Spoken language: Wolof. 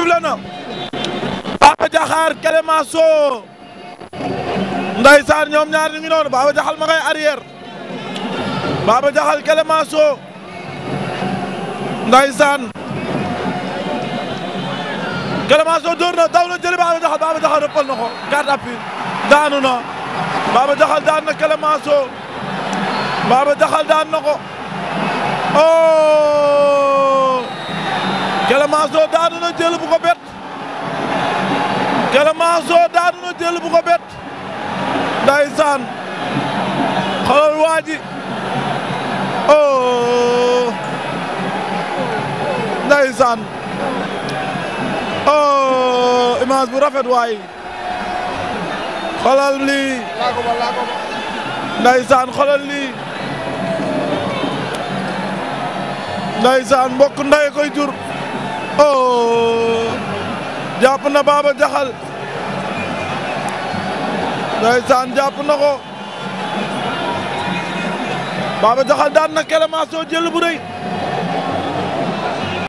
sifle na Baba Diakhar Clémenceau ndeysaan ñoom ñaar ñu ngi noonu Baba Diakhar ma ngay arrière Baba Diakhar Clémenceau ndeysaan Clémenceau door na daw na jëli Baba Diakhar Baba Diakhar rëppal na ko daanu na Baba Diakhar daan na Clémenceau Baba Diakhar daan na ko oh, Clémenceau daanu na jël bu ko bett Clémenceau daanu na jël bu ko bett ndeysaan xoolal waa ji oh ndeysaan oh image bu rafet waay xoolal lii ndeysaan xoolal lii ndeysaan mbokk nday koy jur jàpp na Baba Jaxal ndeysaan na ko Baba Jaxal daan jël bu rëy